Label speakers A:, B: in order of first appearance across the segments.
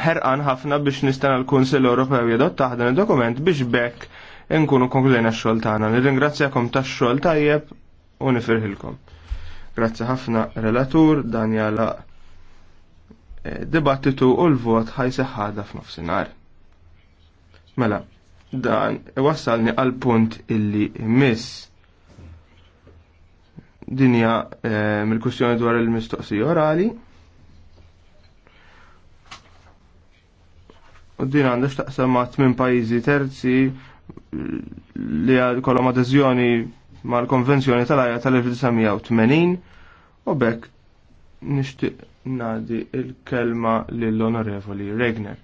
A: ħerqan ħafna biex nistana l-Kunsill Ewropew jadotta dan il-dokument biex bekk nkunu konklejna x-xogħol tagħna. Nirringrazzjakom tax-xogħol tajjeb u nifirħilkom. Grazzi ħafna relatur Daniela e, dibattitu u l-vot ħajseħħada f'nofsinhar. Mela, dan wassalni għal punt illi miss dinja e, mill kustjoni dwar il-mistoqsija orali. U din għandha x'taqsam ma' tmien pajjiżi terzi li kolom adeżjoni mal-konvenzjoni tal-ajja tal-1980 u bekk nixtieq nadi il-kelma lill-Onorevoli Regner.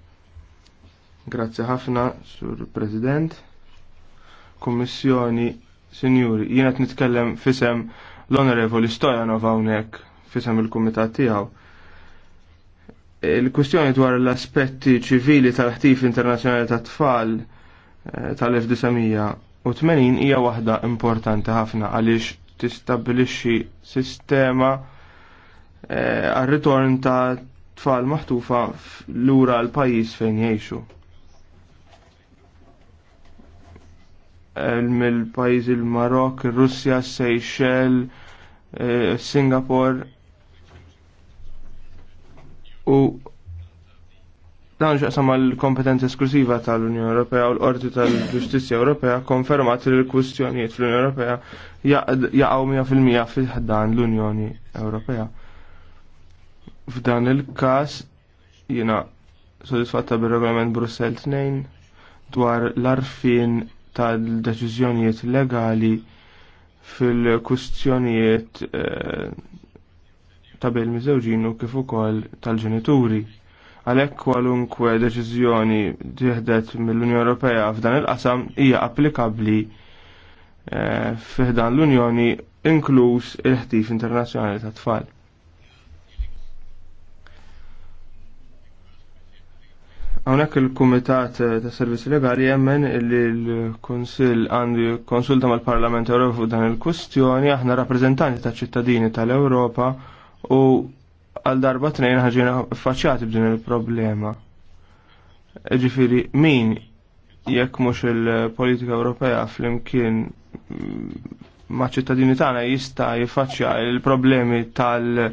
A: Grazzi ħafna, Sur President, Kommissjoni, Sinjuri, jiena nitkellem fisem l-Onorevoli Stojanov hawnhekk fisem il-Kumitat tiegħu il-kustjoni dwar l-aspetti ċivili tal-ħtif internazzjonali tat tfal eh, tal-1980 hija waħda importanti ħafna għaliex tistabilixxi sistema eh, għar-ritorn ta' tfal maħtufa lura l-pajjiż fejn jgħixu. Eh, Mill-pajjiż il-Marok, ir-Russja, Seychelles, Singapore, u dan xaqsam l kompetenza esklusiva tal-Unjoni Ewropea u l-Qorti tal-Ġustizzja Ewropea konfermat li l-kwistjonijiet fl-Unjoni Ewropea jaqgħu 100% fil ħaddan l-Unjoni Ewropea. F'dan il-każ jiena sodisfatta bir-Regolament Brussel 2 dwar l-arfin tal-deċiżjonijiet legali fil-kwistjonijiet eh, ta' bejn miżewġinu kif ukoll tal-ġenituri. Għalhekk kwalunkwe deċiżjoni tieħdet mill-Unjoni Ewropea f'dan il-qasam hija applikabbli eh, f'dan l-Unjoni inkluż il-ħtif internazzjonali ta' tfal. Hawnhekk il-Kumitat ta' Servizzi Legali jemmen li l-Kunsill għandu konsulta mal-Parlament Ewropew dan il-kwestjoni aħna rappreżentanti ta' ċittadini tal-Ewropa u għal darba tnejn ħagġina faċċati b'din il-problema. Ġifiri, min jekk mhux il-politika Ewropea flimkien ma' ċittadini tagħna jista' jiffaċċja il-problemi tal-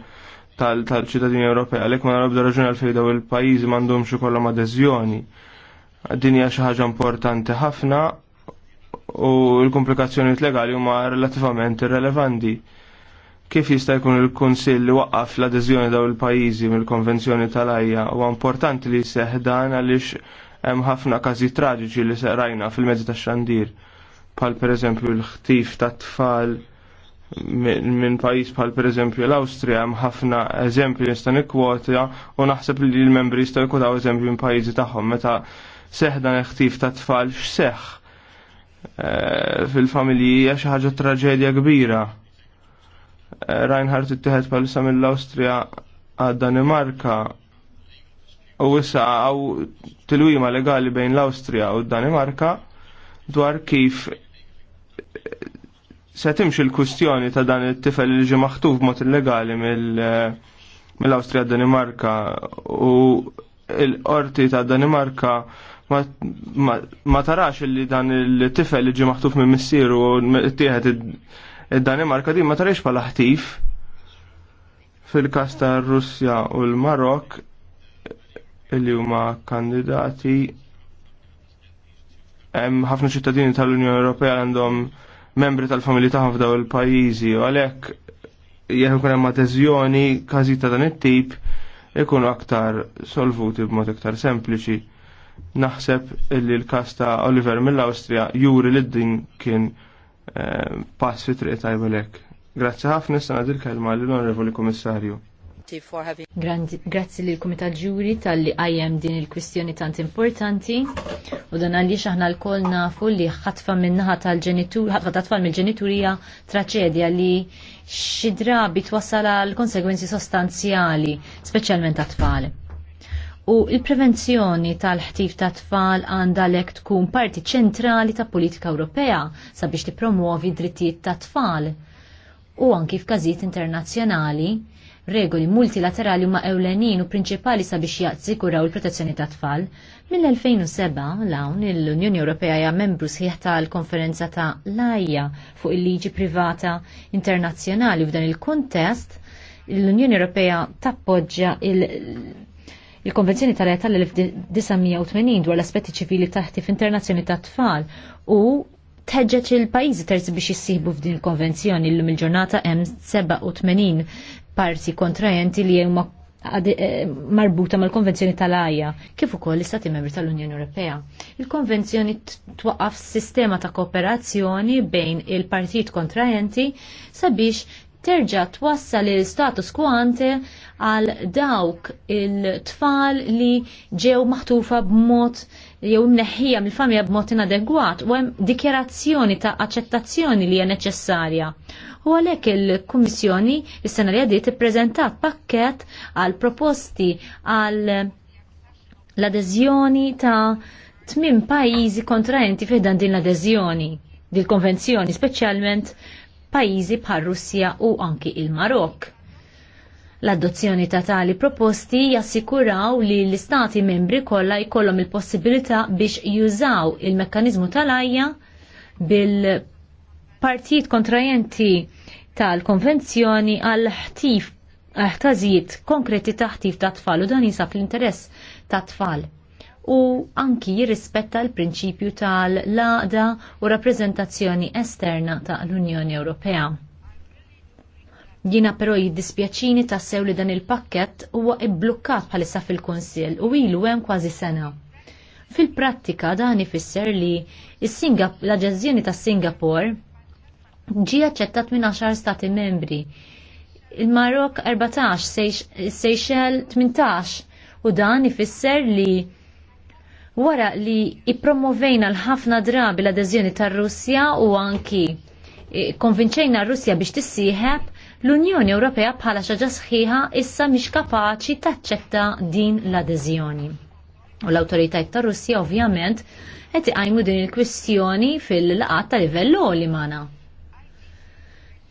A: tal-ċittadini tal Ewropea, għalek ma narabda raġuni għal fejda u l-pajjiżi m'għandhomx ikollhom adeżjoni. Din hija xi ħaġa importanti ħafna u l-komplikazzjonijiet legali huma relattivament irrelevanti kif jista' jkun il-Kunsill li waqqaf l-adeżjoni daw il-pajjiżi mill-Konvenzjoni tal-Ajja huwa importanti li jseħħ dan għaliex hemm ħafna każi traġiċi li seqrajna fil-mezzi tax-xandir bħal pereżempju l-ħtif ta' tfal minn pajjiż bħal pereżempju l-Awstrija hemm ħafna eżempji nista' nikkwota u naħseb li l-membri jistgħu jkun eżempju minn pajjiżi tagħhom meta seħdan dan il-ħtif ta' tfal x'seħħ eh, fil-familji hija xi ħaġa traġedja kbira Reinhardt ittieħed palissa mill-Awstrija għad Danimarka u issa għaw tilwima legali bejn l-Awstrija u d-Danimarka dwar kif se timx il kustjoni ta' dan it-tifel li ġi maħtuf mod illegali eh, mill-Awstrija mill Danimarka u l-qorti ta' Danimarka ma, ma, ma tarax li dan il-tifel li ġi maħtuf minn missieru u tieħed id-Danimarka di ma tarix bħala ħtif fil-kas ta' Russja u l-Marok li huma kandidati hemm ħafna ċittadini tal-Unjoni Ewropea għandhom membri tal-familji tagħhom f'daw il-pajjiżi u għalhekk jekk ikun hemm adeżjoni każijiet ta' dan it-tip ikunu aktar solvuti b'mod iktar sempliċi. Naħseb illi l-kas ta' Oliver mill-Awstrija juri lid din kien pass fi triq tajba lek. Grazzi ħafna sana dil-kelma l-Onorevoli Komissarju.
B: Grazzi l-Komitat Ġuri tal-li għajem din il-kwistjoni tant importanti u dan għalli xaħna l-kol nafu li ħatfa minnaħa tal-ġenitur, ħatfa tatfall mill-ġeniturija traċedja li xidra twassala l-konsegwenzi sostanzjali, specialment tat-tfal u il-prevenzjoni tal-ħtif ta' tfal għandha lek tkun parti ċentrali ta' politika Ewropea sabiex promuovi drittijiet ta' tfal. U anki f'każijiet internazzjonali, regoli multilaterali huma ewlenin u prinċipali sabiex jazzikuraw il-protezzjoni ta' tfal. Mill-2007 lawn l-Unjoni Ewropea hija membru sħiħ tal-Konferenza ta' Lajja fuq il-liġi privata internazzjonali u f'dan il-kontest l-Unjoni Ewropea tappoġġja il- Il-Konvenzjoni tal tal 1980 dwar l-aspetti ċivili taħti f'internazzjoni ta' tfal u teġġeġ il-pajizi terzi biex jissibu f'din il-konvenzjoni l-lum il-ġurnata hemm 87 parti kontrajenti li huma eh, marbuta mal-konvenzjoni tal aja kif ukoll l-Istati Membri tal-Unjoni Ewropea. Il-konvenzjoni twaqqaf sistema ta' kooperazzjoni bejn il-partijiet kontrajenti sabiex terġa' twassal il-status quo ante għal dawk il-tfal li ġew maħtufa b'mod jew mneħħija mill-familja b'mod inadegwat u hemm dikjerazzjoni ta' aċċettazzjoni li hija neċessarja. U għalhekk il-Kummissjoni is-sena li għaddiet ippreżentat pakkett għal proposti għal l-adeżjoni ta' tmim pajjiżi kontraenti fiħdan din l-adeżjoni dil-konvenzjoni, speċjalment pajjiżi bħal Russja u anki il-Marok. L-adozzjoni ta' tali proposti jassikuraw li l-istati membri kollha jkollhom il-possibilità biex jużaw il-mekkaniżmu tal-ajja bil-partijiet kontrajenti tal-konvenzjoni għal ħtif ħtażijiet konkreti ta' ħtif ta' tfal u dan jinsab l-interess ta' tfal u anki jirrispetta l-prinċipju tal-laqda u rappreżentazzjoni esterna ta' l-Unjoni Ewropea. Jina però jiddispjaċini tassew li dan il-pakket huwa ibblukkat bħalissa fil konsil u ilu hemm kważi sena. Fil-prattika dan ifisser li l-aġazzjoni ta' Singapore ġi aċċettat minn 10 stati membri. Il-Marok 14, Seychelles 18 u dan ifisser li wara li ippromovejna l-ħafna drabi l-adeżjoni tar-Russja u anki e, konvinċejna r-Russja biex tissieħeb, l-Unjoni Ewropea bħala xaġa sħiħa issa mhix kapaċi taċċetta din l-adeżjoni. U l-awtoritajiet ta' Russja ovvjament qed iqajmu din il-kwistjoni fil-laqat ta' livell li mana.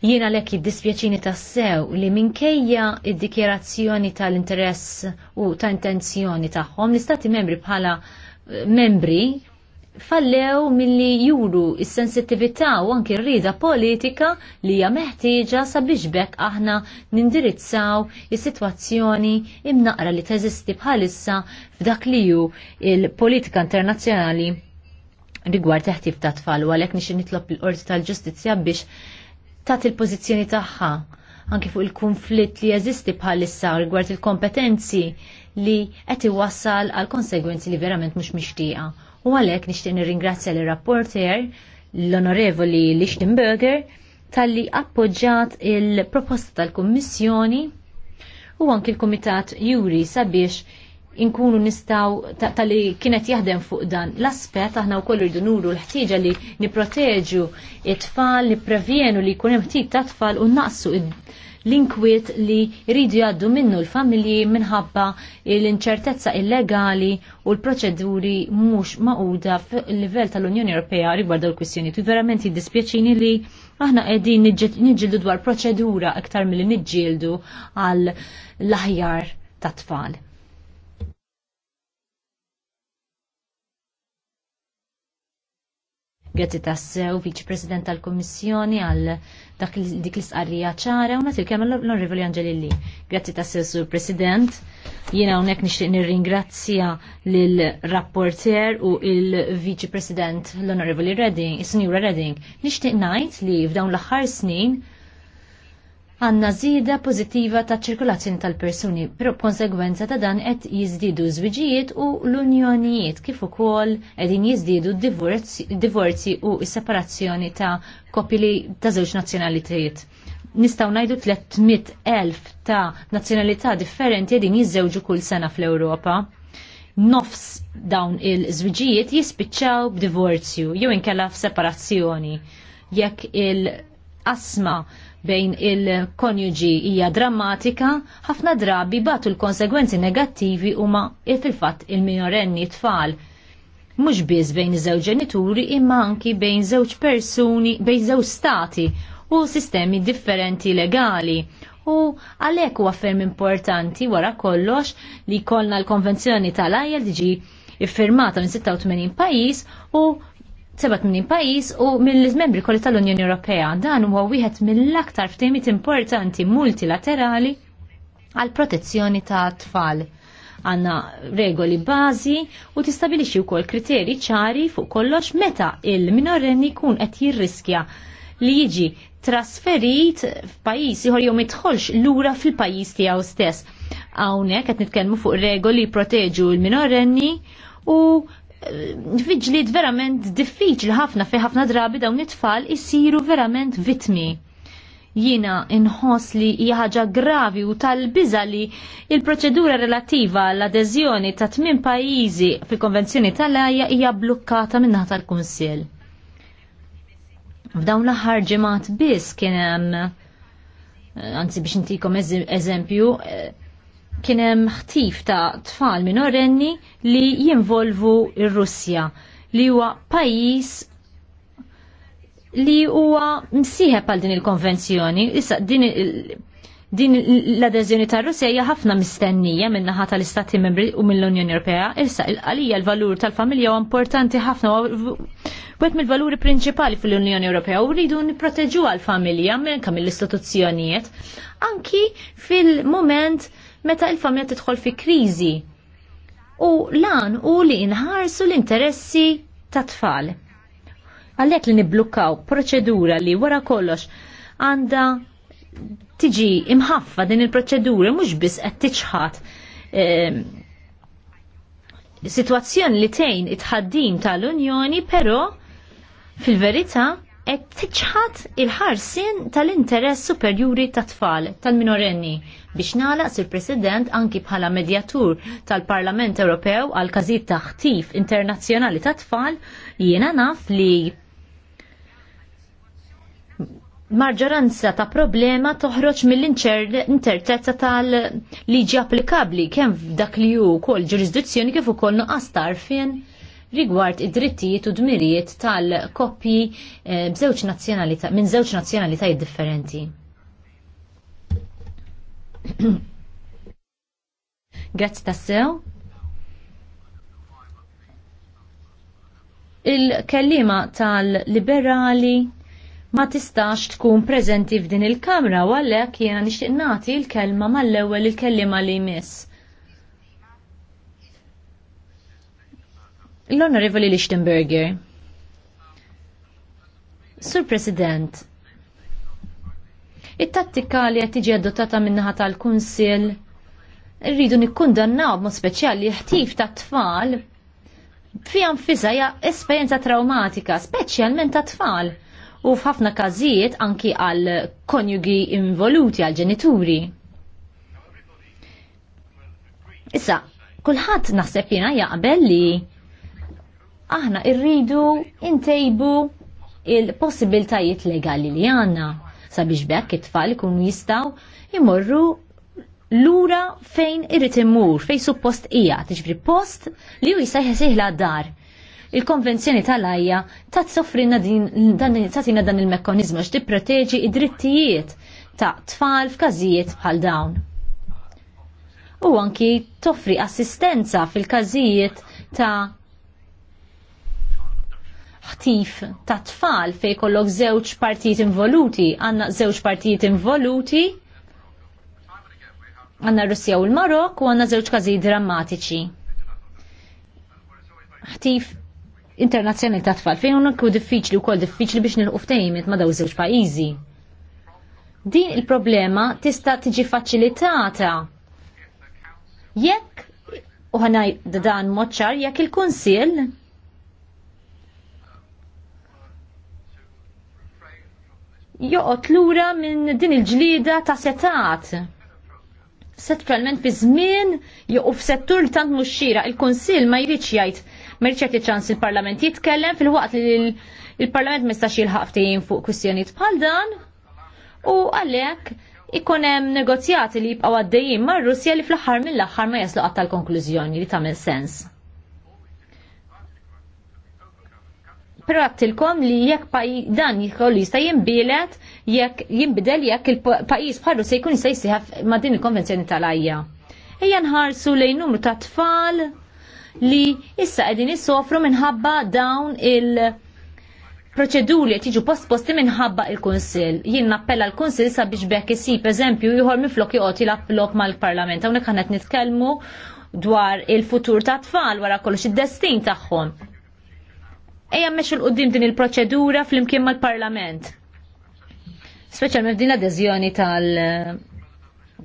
B: Jiena lek jiddispjaċini tassew li minkejja id-dikjerazzjoni tal-interess u ta' intenzjoni tagħhom l-istati membri bħala membri fallew milli juru il-sensitivita u anki rrida politika li hija meħtieġa sabiex bekk aħna nindirizzaw is-sitwazzjoni imnaqra li teżisti bħalissa f'dak li hu il-politika internazzjonali rigward teħtif ta' tfal u għalhekk nixi nitlob il-Qorti tal-Ġustizzja biex tat il-pożizzjoni tagħha anki fuq il-konflitt li jeżisti bħalissa rigward il-kompetenzi li qed iwassal għal konsegwenzi li verament mhux mixtieqa. U għalhekk nixtieq nirringrazzja l rapporter l-Onorevoli Lichtenberger tal-li appoġġat il-proposta tal-Kummissjoni u anki l-Kumitat Juri sabiex inkunu nistaw tal-li kienet jaħdem fuq dan l-aspet aħna u kollu rridu nuru l-ħtieġa li niproteġu it-tfal, niprevjenu li kunem ħtid ta' tfal u naqsu l-inkwiet li rridu jaddu minnu l-familji minħabba l-inċertezza illegali u l-proċeduri mhux maquda fil-livell tal-Unjoni Ewropea rigward l-kwistjoni. Tu verament jiddispjaċini li aħna qegħdin niġġieldu dwar proċedura aktar milli niġġieldu għal l-aħjar tat-tfal. Grazzi tas-sew Viċi President tal-Kommissjoni għal dak dik l isqarrija ċara u natil kemm l onorevoli Angelilli. Grazzi tassew, Sur President. Jiena hawnhekk nixtieq nirringrazzja lil rapporter u il-Viċi President l-Onorevoli Redding, is-Sinjura Redding. Nixtieq ngħid li f'dawn l-aħħar snin għanna zida pozittiva ta' ċirkolazzjoni tal-persuni, pero konsegwenza ta' dan qed jizdidu żwiġijiet u l-unjonijiet kif ukoll qegħdin jizdidu divorzi u s-separazzjoni ta' kopili ta' żewġ nazzjonalitajiet. Nistgħu ngħidu 300,000 ta' nazzjonalità differenti qegħdin jiżżewġu kull sena fl-Ewropa nofs dawn il-żwiġijiet jispiċċaw b'divorzju jew inkella f'separazzjoni jekk il-qasma bejn il-konjuġi hija drammatika, ħafna drabi batu l-konsegwenzi negattivi huma fil fat il-minorenni tfal. Mhux biss bejn iż-żewġ ġenituri imma anki bejn żewġ persuni, bejn żewġ stati u sistemi differenti legali. U għalhekk huwa ferm importanti wara kollox li kollna l-Konvenzjoni tal-ILG iffirmata minn 86 pajjiż u 87 pajis u mill-membri kolli tal-Unjoni Ewropea. Dan huwa wieħed mill-aktar ftehimiet importanti multilaterali għal protezzjoni ta' tfal. Għanna regoli bażi u tistabilixi wkoll kriteri ċari fuq kollox meta il-minorenni kun qed jirriskja li jiġi trasferit f'pajjiż ieħor jew jidħolx lura fil-pajjiż tiegħu stess. Hawnhekk qed nitkellmu fuq regoli jproteġu l-minorenni u fiġlid verament diffiċli ħafna fi ħafna drabi dawn it-tfal isiru verament vitmi jina inħoss li hija ħaġa gravi u tal-biża li il-proċedura relattiva l-adeżjoni ta' tmien pajjiżi fil-Konvenzjoni tal-Aja hija blukkata min-naħa tal-Kunsill. F'dawn l-aħħar ġimgħat biss kien hemm eh, anzi biex intikom eżempju, ez eh, kienem ħtif ta' tfal minorenni li jinvolvu il russja li huwa pajis li huwa msieħeb għal din il-konvenzjoni. Issa din il din l adezjoni tar russja hija ħafna mistennija minn naħa tal-Istati Membri u mill-Unjoni Ewropea. Issa għalija l-valur tal-familja huwa importanti ħafna wieħed wet mill-valuri prinċipali fil-Unjoni Ewropea u rridu nipproteġu għall-familja minn mill-istituzzjonijiet anki fil-moment meta il-familja tidħol fi kriżi. U lan u li inħarsu l-interessi ta' tfal. Għalhekk li niblukkaw proċedura li wara kollox għandha tiġi imħaffa din il-proċedura mhux biss qed tiċħat ehm, situazzjoni li tejn itħaddim tal-Unjoni, però fil-verità qed tiċħat il-ħarsin tal-interess superjuri tat tfal tal-minorenni biex nagħlaq sir President anki bħala medjatur tal-Parlament Ewropew għal każijiet ta' ħtif internazzjonali tat tfal jiena naf li marġoranza ta' problema toħroġ mill-intertezza tal-liġi applikabli kemm dak li hu wkoll ġurisdizzjoni kif ukoll nuqqas tarfien rigward id-drittijiet u dmirijiet tal-koppji eh, minn żewġ nazzjonalitajiet differenti. Grazzi tassew. Il-kellima tal-liberali ma tistax tkun preżenti f'din il-kamra u għalhekk jiena nixtieq nagħti l-kelma mal-ewwel il-kellima li jmiss L-Onorevoli Lichtenberger. Sur President, it-tattika li qed tiġi adottata min-naħa tal-Kunsill rridu nikkundannaw b'mod speċjali ħtif ta' tfal fi anfisa hija esperjenza traumatika, speċjalment ta' tfal u f'ħafna każijiet anki għal konjugi involuti għal ġenituri. Issa, kulħadd naħseb jiena jaqbel li aħna irridu intejbu il-possibiltajiet legali li għanna sabiex bekk it-tfal ikunu jistaw imorru lura fejn irrit imur, fejn suppost hija, tiġbri post li ju jista' jħesihla dar. Il-konvenzjoni tal-ajja t soffrina tatina dan il-mekkanizmu x proteġi id-drittijiet ta' tfal f'każijiet bħal dawn. U anki toffri assistenza fil-każijiet ta' ħtif ta' tfal fej kollok żewġ partijiet involuti, għanna żewġ partijiet involuti, għanna Russja u l-Marok u għanna żewġ kazi drammatiċi. Ħtif internazzjonali ta' tfal fejn unkku diffiċli u kol diffiċli biex nil ftehimiet ma' daw żewġ pajjiżi. Din il-problema tista' tiġi faċilitata jekk u ħanaj dan moċċar jekk il-Kunsill joqgħod lura minn din il-ġlida ta' setat. Set fi żmien joqgħu f'settur li tant mhux xira, il-Kunsill ma jridx jgħid ma jridx ċans il-Parlament jitkellem fil-waqt li il-Parlament ma jistax jilħaq fuq kwistjonijiet bħal dan u għalhekk ikun hemm negozjati li jibqgħu għaddejjin mar-Russja li fl-aħħar mill-aħħar ma jaslu għatta tal-konklużjoni li tagħmel sens. pratilkom li jekk dan jikollu jista' jimbilet, jekk jinbidel jekk il-pajis bħallu se jkun jista' jisieħ ma' din il-konvenzjoni tal-ajja. Ejja nħarsu lejn numru ta' tfal li issa qegħdin jissofru minħabba dawn il- proċeduri tiġu post posti minħabba il-Kunsill. Jien nappella l-Kunsill sabiex bekk per eżempju ieħor miflok joqgħod jilaplok mal-Parlament. Hawnhekk ħanet nitkellmu dwar il-futur ta' tfal wara kollox id-destin tagħhom. Ejja mex il-qoddim din il-proċedura fl-imkien mal-parlament. Speċjalment din l-adeżjoni tal-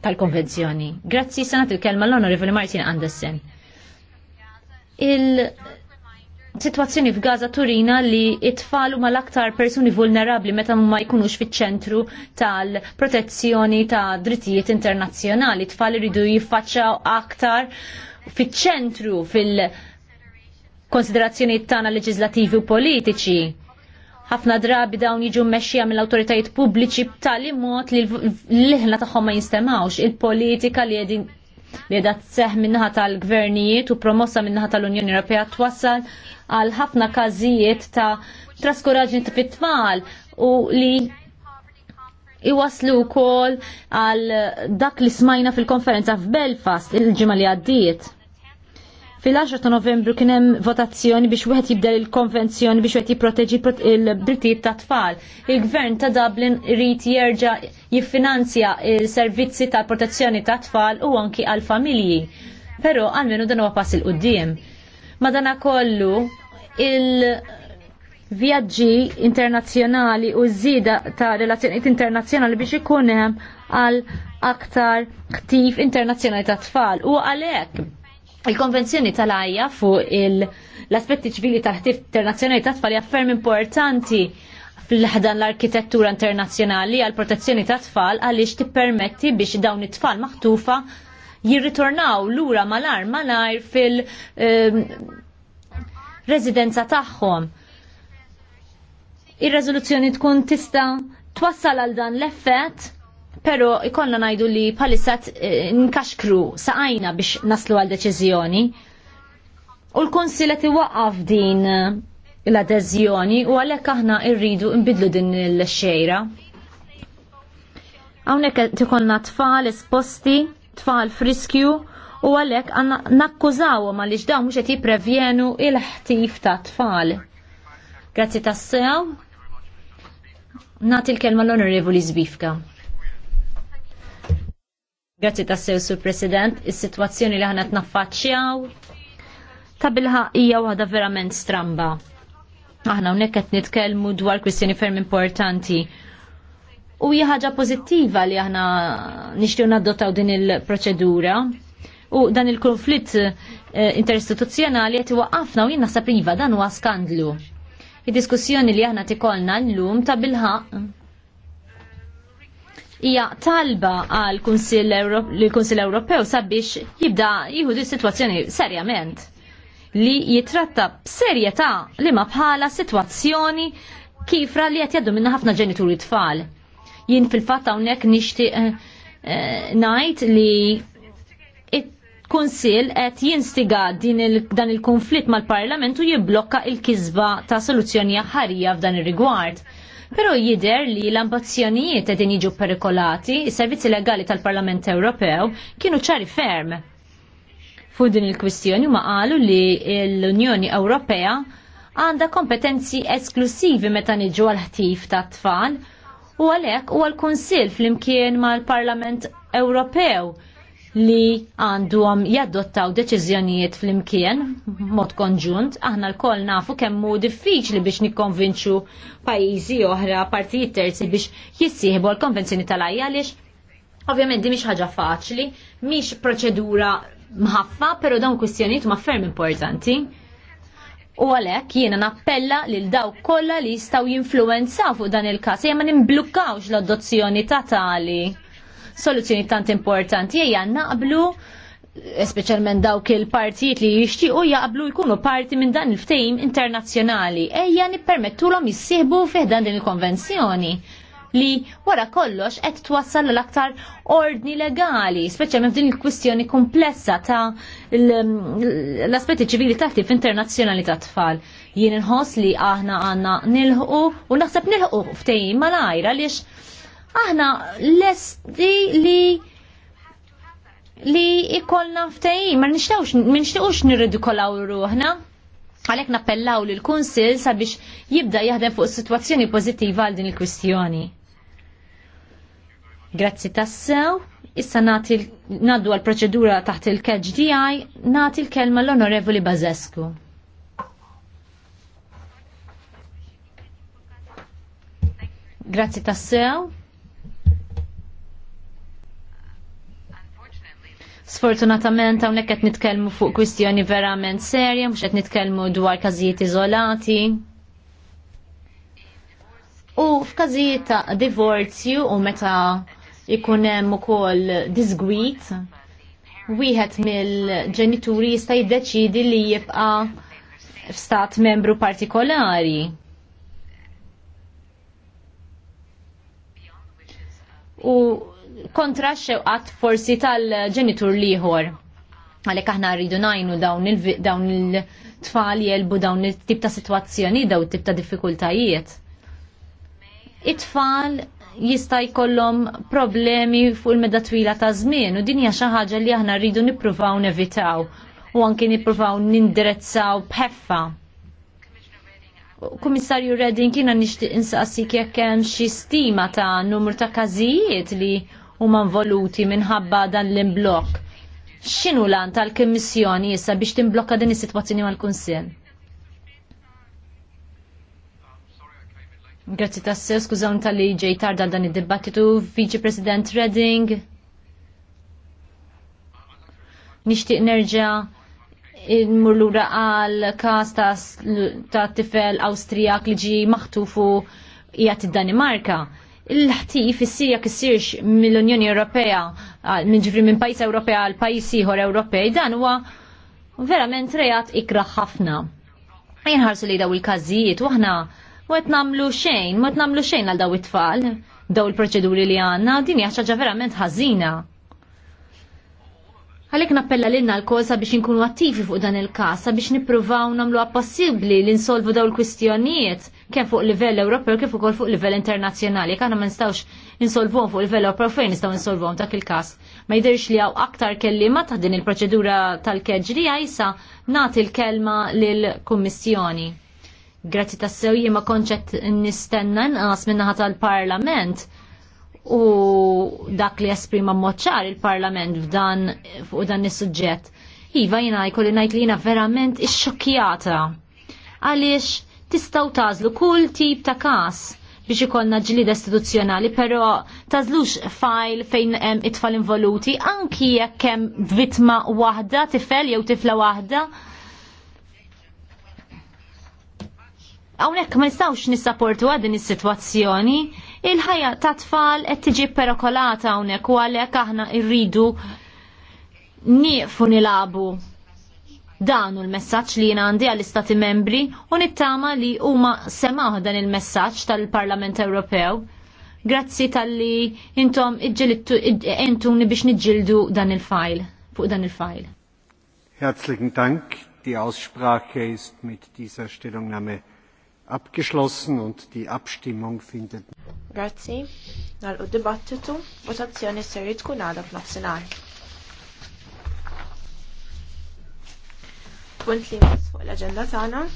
B: tal-konvenzjoni. Grazzi sanat il-kelma l-onorevoli Martin Andersen. Il- Situazzjoni f'Gaza Turina li it-tfal huma l-aktar persuni vulnerabli meta ma jkunux fiċ-ċentru tal-protezzjoni ta' drittijiet internazzjonali. Tfal iridu jiffaċċaw aktar fiċ-ċentru fil-, -ċentru, fil konsiderazzjonijiet tagħna leġizlativi u politiċi. Ħafna drabi dawn jiġu mmexxija mill-awtoritajiet pubbliċi b'tali mod li l-ħna tagħhom ma jinstemawx. Il-politika li qegħdin li qiegħda tseħħ minnaħa tal-gvernijiet u promossa minnaħa tal-Unjoni Ewropea twassal għal ħafna każijiet ta' traskuraġni ta' fit-tfal u li iwaslu wkoll għal dak li smajna fil-konferenza f'Belfast il-ġimgħa li għaddiet Fil-10 ta' novembru kien hemm votazzjoni biex wieħed jibdel il-konvenzjoni biex wieħed jipproteġi il-drittijiet ta' tfal. Il-gvern ta' Dublin rrit jerġa' jiffinanzja l servizzi ta' protezzjoni ta' tfal u anki għal familji. Però għalmenu dan huwa pass il qudiem Madana kollu il- vjaġġi internazzjonali u żieda ta' relazzjonijiet internazzjonali biex ikun hemm għal aktar ktif internazzjonali ta' tfal. U għalhekk Il-konvenzjoni tal għajja fuq l-aspetti ċivili tal-ħtif internazzjonali ta' tfal jafferm importanti fl-ħdan l-arkitettura internazzjonali għal protezzjoni ta' tfal għaliex tippermetti biex dawn it-tfal maħtufa jirritornaw lura malar malar fil- ehm, residenza tagħhom. Ir-reżoluzzjoni tkun tista' twassal għal dan l-effett pero ikollna najdu li palissat eh, nkaxkru saqajna biex naslu għal deċiżjoni. U l-Konsil qed din eh, l-adeżjoni u għalhekk aħna rridu nbidlu din l-xejra. Hawnhekk tikonna tfal esposti, tfal friskju, u għalek nakkużaw ma li ġdaw mux jiprevjenu il-ħtif ta' tfal. Grazzi ta' sew. Nati l-kelma l-onorevoli Zbifka. Grazzi ta' sew sur President, is-sitwazzjoni li ħanet naffaċċjaw ta' bilħa hija waħda verament stramba. Aħna hawnhekk qed nitkellmu dwar kwistjoni ferm importanti. U hija ħaġa pożittiva li aħna nixtiew naddotaw din il-proċedura. U dan il-konflitt eh, interistituzzjonali qed iwaqqafna u jien naħseb iva dan huwa skandlu. Id-diskussjoni li aħna tikolna llum ta' bilħaq hija talba għal kunsill Ewropew sabiex jibda jieħu di situazzjoni serjament li jitratta b'serjetà li ma bħala situazzjoni kifra li qed jaddu minna ħafna ġenituri tfal. Jien fil-fatt hawnhekk nixtieq eh, eh, ngħid li kunsil qed jinstiga il, dan il-konflitt mal-Parlament u jibblokka il-kizba ta' soluzzjoni ħarija f'dan ir-rigward. Però jider li l ambazzjonijiet ed jiġu perikolati, i servizzi legali tal-Parlament Ewropew kienu ċari ferm. Fu din il-kwistjoni ma qalu li l-Unjoni Ewropea għandha kompetenzi esklusivi meta niġu għal ħtif ta' tfal u għalhekk huwa l-Kunsill flimkien mal-Parlament Ewropew li għandhom jadottaw deċiżjonijiet fl-imkien mod konġunt, aħna l-koll nafu kemmu diffiċli biex nikkonvinċu pajjiżi oħra, partijiet terzi biex jissieħbu l-konvenzjoni tal-ajja għaliex ovvjament di mhix ħaġa faċli, mhix proċedura mħaffa, pero dawn kwistjonijiet ma' ferm importanti. U għalhekk jiena nappella lil dawk kollha li jistgħu jinfluwenzaw fuq dan il-każ, jemma nimblukkawx l-adozzjoni ta' tali soluzzjoni tant importanti ejja naqblu speċjalment dawk il-partijiet li jixtiequ jaqblu jkunu parti minn dan il-ftehim internazzjonali ejja nippermettulhom jissieħbu fih dan din il-konvenzjoni li wara kollox qed twassal l-aktar ordni legali, speċjalment din il-kwistjoni komplessa ta' l-aspetti ċivili taħti f'internazzjonali ta' tfal. Jien inħoss li aħna għandna nilħu u naħseb nilħu ftehim malajr għaliex aħna lesti li li ikollna ftehim, ma nixtewx nirridu nirridikolaw ruħna. Għalhekk nappellaw l kunsil sabiex jibda jaħdem fuq sitwazzjoni pożittiva għal din il-kwistjoni. Grazzi tassew. Issa nati naddu għal proċedura taħt il-kedġ DI, nati l-kelma l-Onorevoli Bazescu. Grazzi tassew. Sfortunatament hawnhekk qed nitkellmu fuq kwistjoni verament serja mhux qed nitkellmu dwar każijiet iżolati. U f'każijiet ta' divorzju u meta ikun hemm ukoll disgwit, wieħed mill-ġenituri jista' jiddeċidi li jibqa' f'stat membru partikolari. U kontra xewqat forsi tal-ġenitur liħor. Għalek aħna rridu najnu dawn il-tfal jelbu dawn il-tip ta' situazzjoni, dawn il-tip ta' diffikultajiet. It-tfal jista' jkollhom problemi fuq il-meda twila ta' żmien u din hija xi ħaġa li aħna rridu nippruvaw nevitaw u anki nippruvaw nindirezzaw bħeffa. Kummissarju Redding kiena nixtieq insaqsik jekk hemm xi stima ta' numru ta' każijiet li huma involuti minħabba dan l-imblok. X'inhu lan tal kemissjoni issa biex timblokka din is-sitwazzjoni mal-Kunsill? Grazzi skuza un tal-li ġej tarda dan id-dibattitu, Viċi President Redding. Nixtieq nerġa' immur lura għal kas ta' tifel Austrijak li ġi maħtufu jgħat id-Danimarka il-ħtif is-Sirja kissirx mill-Unjoni Ewropea, minn ġifri minn pajjiż Ewropea għal pajjiż ieħor Ewropej, dan huwa verament rejat ikra ħafna. Jinħarsu li daw il-każijiet u aħna qed namlu xejn, qed namlu xejn għal daw it-tfal, daw il-proċeduri li għandna, din hija ħaġa verament ħażina. Għalhekk nappella l-inna l-kosa biex nkunu attivi fuq dan il-kas, biex nippruvaw namlu possibbli li nsolvu daw il-kwistjonijiet kemm fuq livell Ewropew kif ukoll fuq livell internazzjonali. Aħna ma nistgħux insolvuhom fuq livell Ewropew fejn nistgħu insolvuhom dak il-każ. Ma jidhirx li hawn aktar kelliema ta' din il-proċedura tal li issa nagħti l-kelma lill-Kummissjoni. Grazzi tassew jien konċett nistenna nqas min-naħa tal-Parlament u dak li jesprima moċċar il-Parlament f'dan fuq dan is-suġġett. Iva jina jkolli najt li jina verament ix-xokjata. Għaliex tistaw tażlu kull tip ta' każ biex ikollna ġlida istituzzjonali, pero tażlux fajl fejn hemm it-tfal involuti, anki jekk hemm vittma waħda, tifel jew tifla waħda. Hawnhekk ma nistgħux nissaportu għadin is-sitwazzjoni, il-ħajja ta' tfal qed tiġi perokolata hawnhekk u għalhekk aħna rridu nieqfu nilabu Dan u l-messaġġ li jiena għandi għall-Istati membri u nittama li huma semaħ dan il-messaġġ tal-Parlament Ewropew. Grazzi tal-li intom entuni biex niġġildu dan il-fajl, fuq dan il-fajl.
A: Herzlichen Dank. Die Aussprache ist mit dieser Stellungnahme abgeschlossen und die Abstimmung findet.
B: Grazie. dal u debattitu, votazzjoni ser tkun għadha f'nofsinhar. Punt li jmiss fuq l-agenda tagħna.